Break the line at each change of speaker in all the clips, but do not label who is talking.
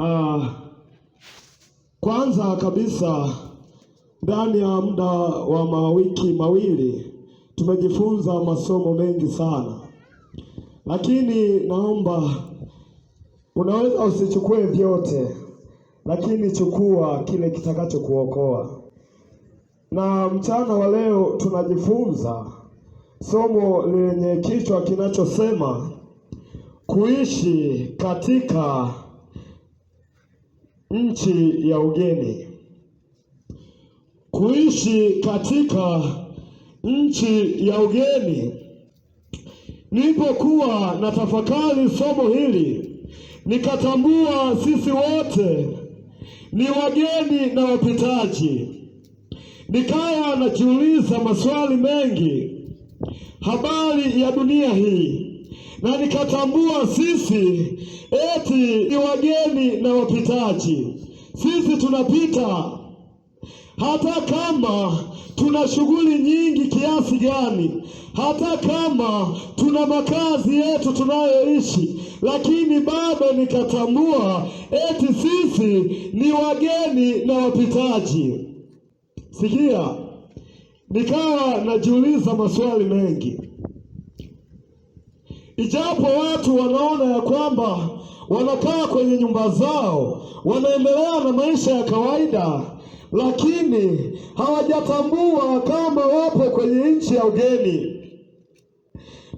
Uh, kwanza kabisa ndani ya muda wa mawiki mawili tumejifunza masomo mengi sana, lakini naomba, unaweza usichukue vyote, lakini chukua kile kitakachokuokoa. Na mchana wa leo tunajifunza somo lenye kichwa kinachosema kuishi katika nchi ya ugeni. Kuishi katika nchi ya ugeni, nilipokuwa na tafakari somo hili, nikatambua sisi wote ni wageni na wapitaji. Nikaya najiuliza maswali mengi, habari ya dunia hii na nikatambua sisi eti ni wageni na wapitaji. Sisi tunapita hata kama tuna shughuli nyingi kiasi gani, hata kama tuna makazi yetu tunayoishi, lakini bado nikatambua eti sisi ni wageni na wapitaji. Sikia, nikawa najiuliza maswali mengi. Ijapo watu wanaona ya kwamba wanakaa kwenye nyumba zao, wanaendelea na maisha ya kawaida, lakini hawajatambua kama wapo kwenye nchi ya ugeni.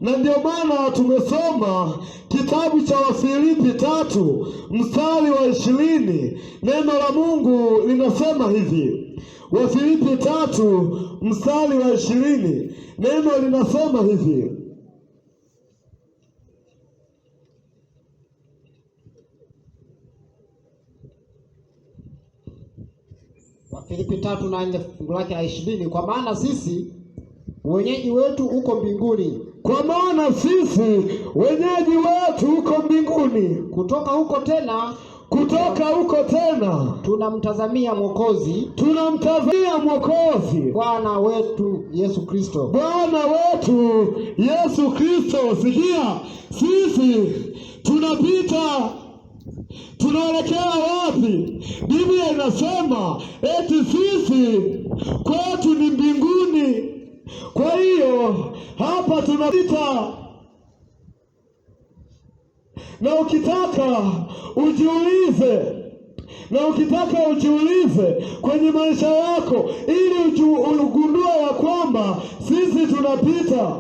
Na ndio maana tumesoma kitabu cha Wafilipi tatu mstari wa ishirini. Neno la Mungu linasema hivi, Wafilipi tatu mstari wa ishirini, neno linasema hivi
Wafilipi tatu na nne fungu lake la ishirini kwa maana sisi wenyeji wetu uko mbinguni.
Kwa maana sisi wenyeji wetu uko mbinguni,
kutoka huko tena
kutoka huko tena
tunamtazamia Mwokozi,
tunamtazamia Mwokozi,
Bwana wetu Yesu Kristo,
Bwana wetu Yesu Kristo. Sikia, sisi tunapita tunaelekea wapi? Biblia inasema eti sisi kwetu ni mbinguni. Kwa hiyo hapa tunapita, na ukitaka ujiulize na ukitaka ujiulize kwenye maisha yako, ili ugundua ya kwamba sisi tunapita.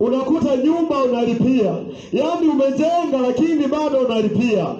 Unakuta nyumba unalipia, yaani umejenga, lakini bado unalipia.